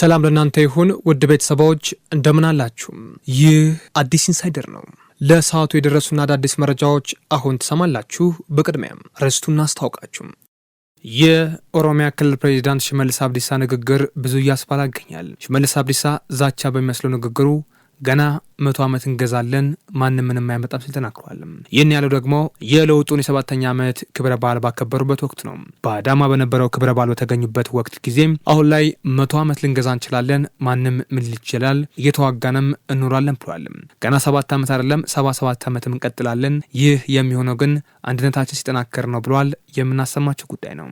ሰላም ለእናንተ ይሁን ውድ ቤተሰባዎች እንደምን አላችሁ? ይህ አዲስ ኢንሳይደር ነው። ለሰዓቱ የደረሱና አዳዲስ መረጃዎች አሁን ትሰማላችሁ። በቅድሚያም ርዕስቱን አስታውቃችሁ የኦሮሚያ ክልል ፕሬዚዳንት ሽመልስ አብዲሳ ንግግር ብዙ እያስባለ ይገኛል። ሽመልስ አብዲሳ ዛቻ በሚመስለው ንግግሩ ገና መቶ ዓመት እንገዛለን ማንም ምንም አይመጣም ሲል ተናግሯል። ይህን ያለው ደግሞ የለውጡን የሰባተኛ ዓመት ክብረ በዓል ባከበሩበት ወቅት ነው። በአዳማ በነበረው ክብረ በዓል በተገኙበት ወቅት ጊዜም አሁን ላይ መቶ ዓመት ልንገዛ እንችላለን ማንም ምን ይችላል እየተዋጋንም እኖራለን ብሏል። ገና ሰባት ዓመት አይደለም ሰባ ሰባት ዓመትም እንቀጥላለን። ይህ የሚሆነው ግን አንድነታችን ሲጠናከር ነው ብሏል። የምናሰማቸው ጉዳይ ነው።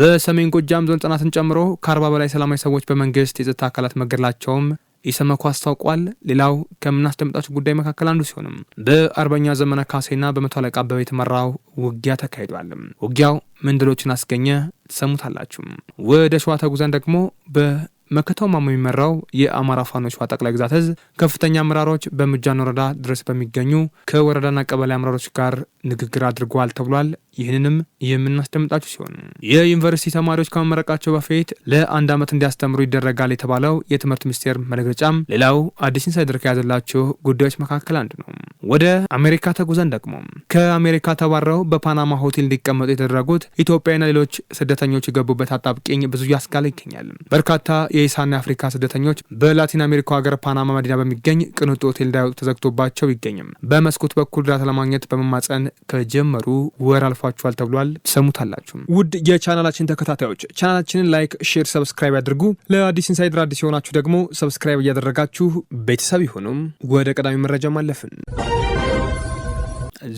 በሰሜን ጎጃም ዞን ጥናትን ጨምሮ ከአርባ በላይ ሰላማዊ ሰዎች በመንግስት የጸጥታ አካላት መገደላቸውም ኢሰመኮ አስታውቋል። ሌላው ከምናስደምጣቸው ጉዳይ መካከል አንዱ ሲሆንም በአርበኛ ዘመነ ካሴና በመቶ አለቃ አበበ የተመራው ውጊያ ተካሂዷል። ውጊያው ምን ድሎችን አስገኘ? ትሰሙታላችሁ። ወደ ሸዋ ተጉዘን ደግሞ በ መከተው ማሞ የሚመራው የአማራ ፋኖ ሸዋ ጠቅላይ ግዛት እዝ ከፍተኛ አመራሮች በምጃን ወረዳ ድረስ በሚገኙ ከወረዳና ቀበሌ አመራሮች ጋር ንግግር አድርጓል ተብሏል። ይህንንም የምናስደምጣችሁ ሲሆን የዩኒቨርሲቲ ተማሪዎች ከመመረቃቸው በፊት ለአንድ ዓመት እንዲያስተምሩ ይደረጋል የተባለው የትምህርት ሚኒስቴር መግለጫም ሌላው አዲስ ኢንሳይደር ከያዘላችሁ ጉዳዮች መካከል አንዱ ነው። ወደ አሜሪካ ተጉዘን ደግሞ ከአሜሪካ ተባረው በፓናማ ሆቴል እንዲቀመጡ የተደረጉት ኢትዮጵያና ሌሎች ስደተኞች የገቡበት አጣብቂኝ ብዙ ያስጋለ ይገኛል። በርካታ የኢሳና አፍሪካ ስደተኞች በላቲን አሜሪካ ሀገር ፓናማ መዲና በሚገኝ ቅንጡ ሆቴል እንዳይወጡ ተዘግቶባቸው ይገኝም በመስኮት በኩል እርዳታ ለማግኘት በመማፀን ከጀመሩ ወር አልፎ ተላልፏችኋል ተብሏል። ትሰሙታላችሁ። ውድ የቻናላችን ተከታታዮች ቻናላችንን ላይክ፣ ሼር፣ ሰብስክራይብ ያድርጉ። ለአዲስ ኢንሳይድር አዲስ የሆናችሁ ደግሞ ሰብስክራይብ እያደረጋችሁ ቤተሰብ ይሁኑም። ወደ ቀዳሚ መረጃ ማለፍን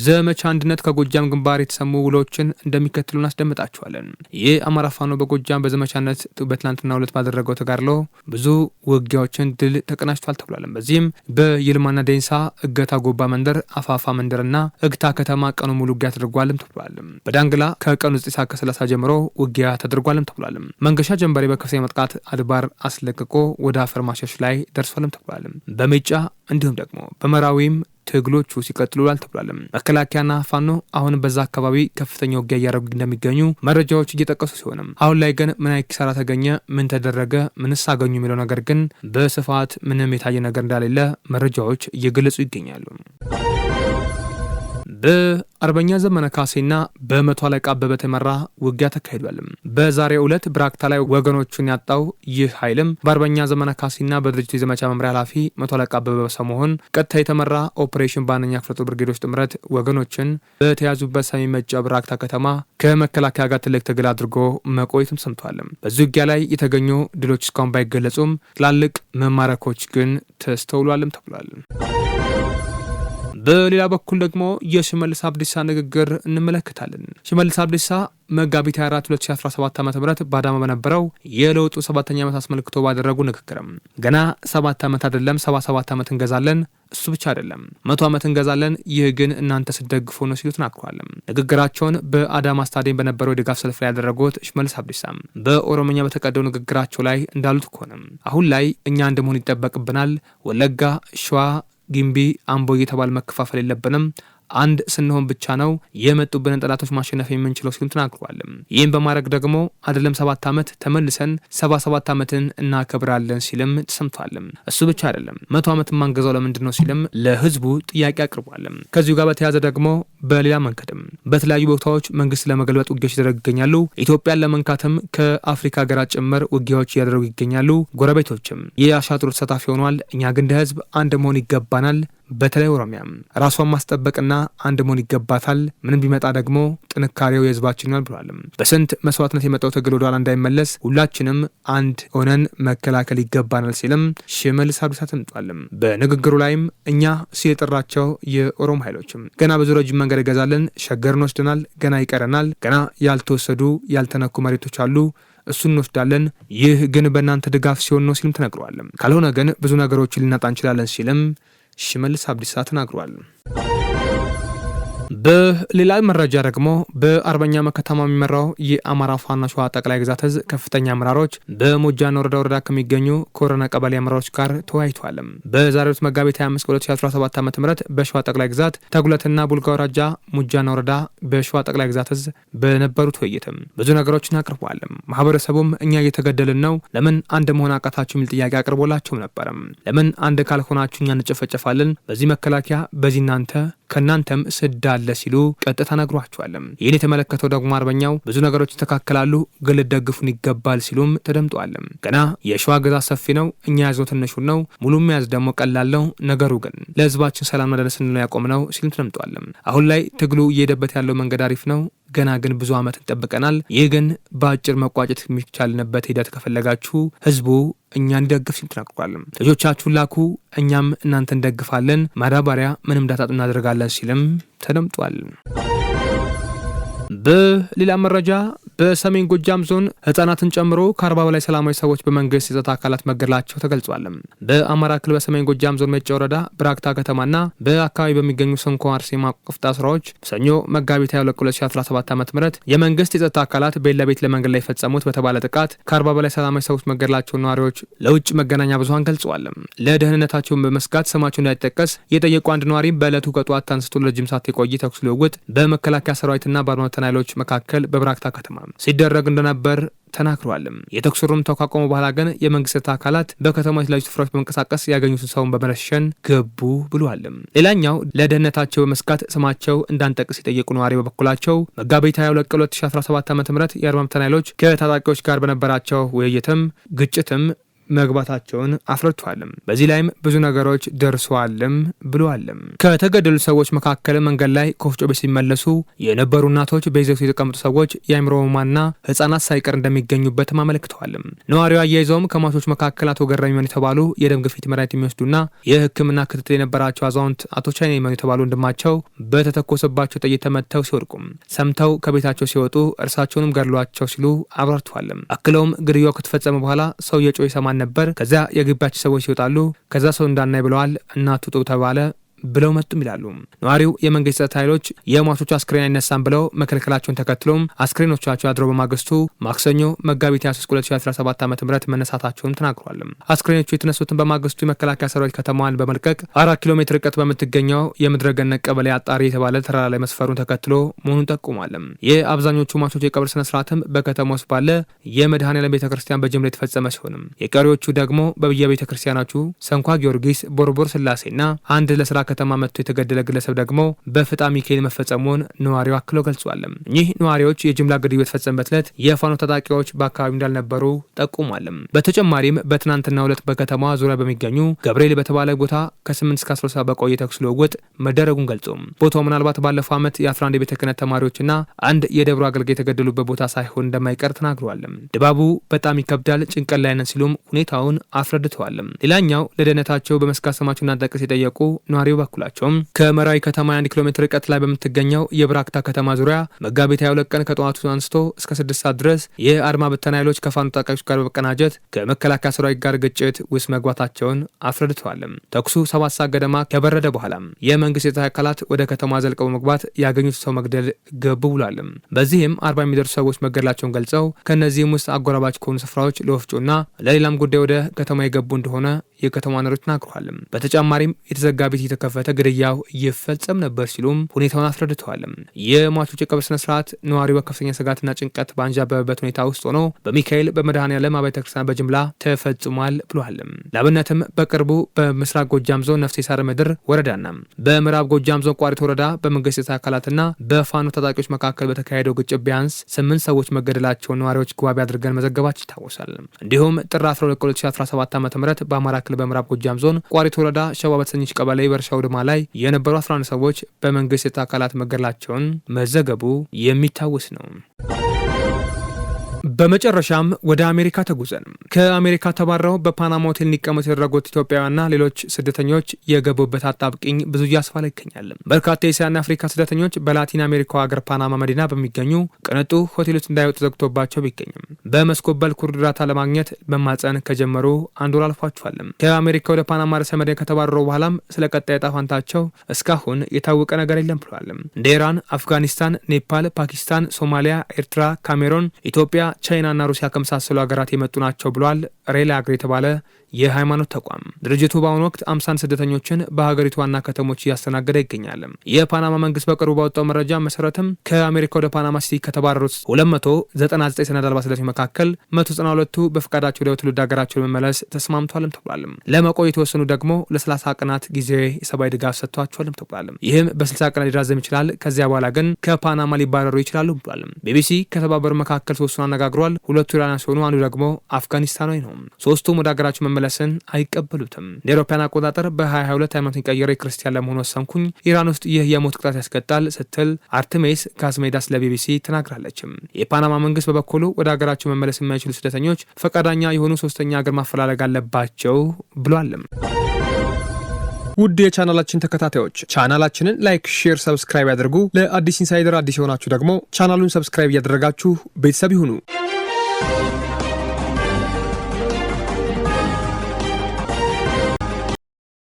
ዘመቻ አንድነት ከጎጃም ግንባር የተሰሙ ውሎችን እንደሚከትሉ እናስደምጣችኋለን። ይህ አማራ ፋኖ በጎጃም በዘመቻነት በትላንትና ሁለት ባደረገው ተጋድሎ ብዙ ውጊያዎችን ድል ተቀናጅቷል ተብሏለን። በዚህም በይልማና ደንሳ እገታ ጎባ መንደር፣ አፋፋ መንደርና እግታ ከተማ ቀኑ ሙሉ ውጊያ ተደርጓልም ተብሏል። በዳንግላ ከቀኑ 9 ሰዓት ከ30 ጀምሮ ውጊያ ተደርጓልም ተብሏል። መንገሻ ጀንበሬ በከፍተኛ መጥቃት አድባር አስለቅቆ ወደ አፈር ማሸሽ ላይ ደርሷልም ተብሏል። በሜጫ እንዲሁም ደግሞ በመራዊም ትግሎቹ ሲቀጥሉ ይላል ተብሏልም። መከላከያና ፋኖ አሁን በዛ አካባቢ ከፍተኛ ውጊያ እያደረጉ እንደሚገኙ መረጃዎች እየጠቀሱ ሲሆንም አሁን ላይ ግን ምን አይነት ኪሳራ ተገኘ፣ ምን ተደረገ፣ ምንስ አገኙ የሚለው ነገር ግን በስፋት ምንም የታየ ነገር እንዳሌለ መረጃዎች እየገለጹ ይገኛሉ። በአርበኛ ዘመነ ካሴና በመቶ አለቃ አበበ ተመራ ውጊያ ተካሂዷል። በዛሬ ዕለት ብራክታ ላይ ወገኖቹን ያጣው ይህ ኃይልም በአርበኛ ዘመነ ካሴና በድርጅቱ የዘመቻ መምሪያ ኃላፊ መቶ አለቃ አበበ ሰመሆን ቀጥታ የተመራ ኦፕሬሽን በአንደኛ ክፍለ ጦር ብርጌዶች ጥምረት ወገኖችን በተያዙበት ሰሜን መጫ ብራክታ ከተማ ከመከላከያ ጋር ትልቅ ትግል አድርጎ መቆየትም ሰምቷል። በዚህ ውጊያ ላይ የተገኙ ድሎች እስካሁን ባይገለጹም ትላልቅ መማረኮች ግን ተስተውሏልም ተብሏል። በሌላ በኩል ደግሞ የሽመልስ አብዲሳ ንግግር እንመለከታለን። ሽመልስ አብዲሳ መጋቢት 24 2017 ዓ ም በአዳማ በነበረው የለውጡ ሰባተኛ ዓመት አስመልክቶ ባደረጉ ንግግርም ገና ሰባት ዓመት አይደለም 77 ዓመት እንገዛለን፣ እሱ ብቻ አይደለም መቶ ዓመት እንገዛለን፣ ይህ ግን እናንተ ስደግፉ ነው ሲሉ ተናግረዋል። ንግግራቸውን በአዳማ ስታዲየም በነበረው የድጋፍ ሰልፍ ላይ ያደረጉት ሽመልስ አብዲሳ በኦሮምኛ በተቀደው ንግግራቸው ላይ እንዳሉት ከሆነም አሁን ላይ እኛ እንደመሆን ይጠበቅብናል ወለጋ፣ ሸዋ ጊምቢ አምቦ እየተባል መከፋፈል የለብንም። አንድ ስንሆን ብቻ ነው የመጡብንን ጠላቶች ማሸነፍ የምንችለው ሲሉም ተናግሯል። ይህም በማድረግ ደግሞ አይደለም ሰባት ዓመት ተመልሰን ሰባ ሰባት ዓመትን እናከብራለን ሲልም ተሰምቷል። እሱ ብቻ አይደለም መቶ ዓመት ማንገዛው ለምንድን ነው ሲልም ለህዝቡ ጥያቄ አቅርቧል። ከዚሁ ጋር በተያያዘ ደግሞ በሌላ መንገድም በተለያዩ ቦታዎች መንግስት ለመገልበጥ ውጊያዎች ይደረግ ይገኛሉ። ኢትዮጵያን ለመንካትም ከአፍሪካ ሀገራት ጭምር ውጊያዎች እያደረጉ ይገኛሉ። ጎረቤቶችም ይህ አሻጥሮ ተሳታፊ ሆኗል። እኛ ግን እንደ ህዝብ አንድ መሆን ይገባናል። በተለይ ኦሮሚያ ራሷን ማስጠበቅና አንድ መሆን ይገባታል። ምንም ቢመጣ ደግሞ ጥንካሬው የህዝባችን ይሆናል ብሏል። በስንት መስዋዕትነት የመጣው ትግል ወደኋላ እንዳይመለስ ሁላችንም አንድ ሆነን መከላከል ይገባናል ሲልም ሽመልስ አብዲሳ ተምጧል። በንግግሩ ላይም እኛ ሲል የጠራቸው የኦሮሞ ኃይሎችም ገና ብዙ ረጅም መንገድ ይገዛለን፣ ሸገር ወስደናል ገና ይቀረናል፣ ገና ያልተወሰዱ ያልተነኩ መሬቶች አሉ እሱን እንወስዳለን። ይህ ግን በእናንተ ድጋፍ ሲሆን ነው ሲልም ተነግሯል። ካልሆነ ግን ብዙ ነገሮችን ልናጣ እንችላለን ሲልም ሽመልስ አብዲሳ ተናግሯል። በሌላ መረጃ ደግሞ በአርበኛ መከተማ የሚመራው የአማራ ፋኖ ሸዋ ጠቅላይ ግዛት እዝ ከፍተኛ አመራሮች በሙጃና ወረዳ ወረዳ ከሚገኙ ኮረና ቀበሌ አመራሮች ጋር ተወያይቷል። በዛሬው መጋቢት 25 2017 ዓ ም በሸዋ ጠቅላይ ግዛት ተጉለትና ቡልጋ ወራጃ ሙጃና ወረዳ በሸዋ ጠቅላይ ግዛት እዝ በነበሩት ውይይትም ብዙ ነገሮችን አቅርቧል። ማህበረሰቡም እኛ እየተገደልን ነው፣ ለምን አንድ መሆን አቃታችሁ የሚል ጥያቄ አቅርቦላቸው ነበረም። ለምን አንድ ካልሆናችሁ እኛ እንጨፈጨፋለን፣ በዚህ መከላከያ፣ በዚህ እናንተ ከእናንተም ስዳ አለ ሲሉ ቀጥታ ነግሯቸዋለም። ይህን የተመለከተው ደግሞ አርበኛው ብዙ ነገሮች ይስተካከላሉ፣ ግን ልደግፉን ይገባል ሲሉም ተደምጠዋለም። ገና የሸዋ ግዛት ሰፊ ነው፣ እኛ ያዝነው ትንሹን ነው፣ ሙሉ መያዝ ደግሞ ቀላል ነው። ነገሩ ግን ለህዝባችን ሰላም መደረስ ነው ያቆም ነው ሲሉም ተደምጠዋለም። አሁን ላይ ትግሉ እየሄደበት ያለው መንገድ አሪፍ ነው ገና ግን ብዙ ዓመት እንጠብቀናል። ይህ ግን በአጭር መቋጨት የሚቻልንበት ሂደት ከፈለጋችሁ ህዝቡ እኛን ደግፍ ሲል ልጆቻችሁን ላኩ፣ እኛም እናንተ እንደግፋለን፣ ማዳበሪያ ምንም ዳታጥ እናደርጋለን ሲልም ተደምጧል። በሌላ መረጃ በሰሜን ጎጃም ዞን ህጻናትን ጨምሮ ከአርባ በላይ ሰላማዊ ሰዎች በመንግስት የጸጥታ አካላት መገደላቸው ተገልጿል። በአማራ ክልል በሰሜን ጎጃም ዞን መጫ ወረዳ ብራክታ ከተማና በአካባቢ በሚገኙ ሰንኮ አርሴማ ቆፍጣ ስራዎች ሰኞ መጋቢት 22 2017 ዓ ም የመንግስት የጸጥታ አካላት ቤለቤት ለመንገድ ላይ የፈጸሙት በተባለ ጥቃት ከአርባ በላይ ሰላማዊ ሰዎች መገደላቸውን ነዋሪዎች ለውጭ መገናኛ ብዙሀን ገልጸዋል። ለደህንነታቸውን በመስጋት ስማቸው እንዳይጠቀስ የጠየቁ አንድ ነዋሪ በዕለቱ ከጠዋት አንስቶ ለረጅም ሰዓት የቆየ ተኩስ ልውውጥ በመከላከያ ሰራዊትና በአድማ በሚፈታተን ኃይሎች መካከል በብራክታ ከተማ ሲደረግ እንደነበር ተናግረዋል። የተኩስ ሩምታው ካቆሙ በኋላ ግን የመንግስት አካላት በከተማ የተለያዩ ስፍራዎች በመንቀሳቀስ ያገኙትን ሰውን በመረሸን ገቡ ብለዋል። ሌላኛው ለደህንነታቸው በመስጋት ስማቸው እንዳንጠቅስ የጠየቁ ነዋሪ በበኩላቸው መጋቢት 22 2017 ዓ ም የአርማምተን ኃይሎች ከታጣቂዎች ጋር በነበራቸው ውይይትም ግጭትም መግባታቸውን አስረድቷልም። በዚህ ላይም ብዙ ነገሮች ደርሰዋልም ብለዋልም። ከተገደሉ ሰዎች መካከል መንገድ ላይ ከወፍጮ ቤት ሲመለሱ የነበሩ እናቶች፣ በይዘቱ የተቀመጡ ሰዎች፣ የአይምሮ ሕሙማንና ህጻናት ሳይቀር እንደሚገኙበትም አመለክተዋልም። ነዋሪው አያይዘውም ከሟቾች መካከል አቶ ገረሚ የተባሉ የደም ግፊት መድኃኒት የሚወስዱና የህክምና ክትትል የነበራቸው አዛውንት አቶ ቻይና መኑ የተባሉ ወንድማቸው በተተኮሰባቸው ጥይት ተመተው ሲወድቁም ሰምተው ከቤታቸው ሲወጡ እርሳቸውንም ገድሏቸው ሲሉ አብራርተዋልም። አክለውም ግድያው ከተፈጸመ በኋላ ሰው የጮ ነበር። ከዛ የግቢያችን ሰዎች ይወጣሉ። ከዛ ሰው እንዳናይ ብለዋል። እናትውጡ ተባለ። ብለው መጡም ይላሉ ነዋሪው። የመንግስት ጸጥታ ኃይሎች የሟቾቹ አስክሬን አይነሳም ብለው መከልከላቸውን ተከትሎም አስክሬኖቻቸው አድሮ በማግስቱ ማክሰኞ መጋቢት 23 2017 ዓ ም መነሳታቸውን ተናግሯል። አስክሬኖቹ የተነሱትን በማግስቱ የመከላከያ ሰራዊት ከተማዋን በመልቀቅ አራት ኪሎ ሜትር ርቀት በምትገኘው የምድረገነት ቀበሌ አጣሪ የተባለ ተራራ ላይ መስፈሩን ተከትሎ መሆኑን ጠቁሟል። የአብዛኞቹ ሟቾች የቀብር ስነስርዓትም በከተማ ውስጥ ባለ የመድኃኔዓለም ቤተ ክርስቲያን በጅምላ የተፈጸመ ሲሆንም የቀሪዎቹ ደግሞ በብያ ቤተ ክርስቲያናቹ ሰንኳ ጊዮርጊስ፣ ቦርቦር ስላሴና አንድ ለስራ ከተማ መጥቶ የተገደለ ግለሰብ ደግሞ በፍጣ ሚካኤል መፈጸሙን ነዋሪው አክሎ ገልጿል። እኚህ ነዋሪዎች የጅምላ ግድያ የተፈጸመበት ዕለት የፋኖ ታጣቂዎች በአካባቢው እንዳልነበሩ ጠቁሟል። በተጨማሪም በትናንትና ዕለት በከተማዋ ዙሪያ በሚገኙ ገብርኤል በተባለ ቦታ ከ8 እስከ 13 በቆየ ተኩስ ልውውጥ መደረጉን ገልጾ ቦታው ምናልባት ባለፈው ዓመት የ11 የቤተ ክህነት ተማሪዎችና አንድ የደብሩ አገልጋይ የተገደሉበት ቦታ ሳይሆን እንደማይቀር ተናግረዋል። ድባቡ በጣም ይከብዳል፣ ጭንቀት ላይ ነን ሲሉም ሁኔታውን አስረድተዋል። ሌላኛው ለደህንነታቸው በመስጋት ስማቸው እንዳንጠቅስ የጠየቁ ነዋሪ በበኩላቸውም ከመራዊ ከተማ አንድ ኪሎ ሜትር ርቀት ላይ በምትገኘው የብራክታ ከተማ ዙሪያ መጋቢት 22 ቀን ከጠዋቱ አንስቶ እስከ ስድስት ሰዓት ድረስ የአድማ ብተና ኃይሎች ከፋኑ ታጣቂዎች ጋር በመቀናጀት ከመከላከያ ሰራዊት ጋር ግጭት ውስጥ መግባታቸውን አስረድተዋል። ተኩሱ ሰባት ሰዓት ገደማ ከበረደ በኋላ የመንግስት የጸጥታ አካላት ወደ ከተማ ዘልቀው መግባት ያገኙት ሰው መግደል ገቡ ብሏል። በዚህም አርባ የሚደርሱ ሰዎች መገደላቸውን ገልጸው ከእነዚህም ውስጥ አጎራባች ከሆኑ ስፍራዎች ለወፍጮና ለሌላም ጉዳይ ወደ ከተማ የገቡ እንደሆነ የከተማ ነሮች ተናግረዋል። በተጨማሪም የተዘጋ ቤት የተከፈተ ግድያው ይፈጸም ነበር ሲሉም ሁኔታውን አስረድተዋል። የሟቾች የቀብር ስነ ስርዓት ነዋሪው በከፍተኛ ስጋትና ጭንቀት ባንዣበበበት ሁኔታ ውስጥ ሆኖ በሚካኤል በመድኃኔዓለም አብያተ ክርስቲያን በጅምላ ተፈጽሟል ብሏል። ለአብነትም በቅርቡ በምስራቅ ጎጃም ዞን ነፍሴ ሳር ምድር ወረዳና በምዕራብ ጎጃም ዞን ቋሪት ወረዳ በመንግስት አካላትና በፋኖ ታጣቂዎች መካከል በተካሄደው ግጭት ቢያንስ ስምንት ሰዎች መገደላቸውን ነዋሪዎች ዋቢ አድርገን መዘገባችን ይታወሳል። እንዲሁም ጥር 12 2017 ዓ ም በአማራ ክልል በምዕራብ ጎጃም ዞን ቋሪት ወረዳ ሸዋ በተሰኘች ቀበሌ በእርሻ በደረሰው ድማ ላይ የነበሩ 11 ሰዎች በመንግስት የጸጥታ አካላት መገደላቸውን መዘገቡ የሚታወስ ነው። በመጨረሻም ወደ አሜሪካ ተጉዘን ከአሜሪካ ተባረው በፓናማ ሆቴል እንዲቀመጡ የተደረጉት ኢትዮጵያውያንና ሌሎች ስደተኞች የገቡበት አጣብቅኝ ብዙ እያስፋላ ይገኛል። በርካታ የእስያና አፍሪካ ስደተኞች በላቲን አሜሪካው ሀገር ፓናማ መዲና በሚገኙ ቅንጡ ሆቴሎች እንዳይወጡ ዘግቶባቸው ቢገኝም በመስኮበል ኩርድ እርዳታ ለማግኘት መማፀን ከጀመሩ አንዱ ወር አልፏቸዋል። ከአሜሪካ ወደ ፓናማ ርዕሰ መዲና ከተባረሩ በኋላም ስለ ቀጣይ ዕጣ ፈንታቸው እስካሁን የታወቀ ነገር የለም ብለዋል። እንደ ኢራን፣ አፍጋኒስታን፣ ኔፓል፣ ፓኪስታን፣ ሶማሊያ፣ ኤርትራ፣ ካሜሮን፣ ኢትዮጵያ ቻይናና ሩሲያ ከመሳሰሉ ሀገራት የመጡ ናቸው ብሏል። ሬላግር የተባለ የሃይማኖት ተቋም። ድርጅቱ በአሁኑ ወቅት አምሳን ስደተኞችን በሀገሪቱ ዋና ከተሞች እያስተናገደ ይገኛል። የፓናማ መንግስት በቅርቡ ባወጣው መረጃ መሰረትም ከአሜሪካ ወደ ፓናማ ሲቲ ከተባረሩት 299 ሰነድ አልባ ስደተኞች መካከል 192ቱ በፈቃዳቸው ወደ ትውልድ ሀገራቸው ለመመለስ ተስማምቷልም ተብሏልም። ለመቆየት የተወሰኑ ደግሞ ለ30 ቀናት ጊዜ የሰብአዊ ድጋፍ ሰጥቷቸዋልም ተብሏልም። ይህም በ60 ቀናት ሊራዘም ይችላል። ከዚያ በኋላ ግን ከፓናማ ሊባረሩ ይችላሉ ብሏልም። ቢቢሲ ከተባበሩ መካከል ሶስቱን አነጋግሯል። ሁለቱ ኢራናውያን ሲሆኑ አንዱ ደግሞ አፍጋኒስታናዊ ነው። ሶስቱም ወደ ሀገራቸው መመለስ መመለስን አይቀበሉትም። እንደ አውሮፓውያን አቆጣጠር በ22 ዓመቱን የቀየረ ክርስቲያን ለመሆን ወሰንኩኝ፣ ኢራን ውስጥ ይህ የሞት ቅጣት ያስቀጣል ስትል አርትሜስ ካዝሜዳስ ለቢቢሲ ተናግራለችም። የፓናማ መንግስት በበኩሉ ወደ ሀገራቸው መመለስ የማይችሉ ስደተኞች ፈቃደኛ የሆኑ ሶስተኛ ሀገር ማፈላለግ አለባቸው ብሏልም። ውድ የቻናላችን ተከታታዮች ቻናላችንን ላይክ፣ ሼር፣ ሰብስክራይብ ያድርጉ። ለአዲስ ኢንሳይደር አዲስ የሆናችሁ ደግሞ ቻናሉን ሰብስክራይብ እያደረጋችሁ ቤተሰብ ይሁኑ።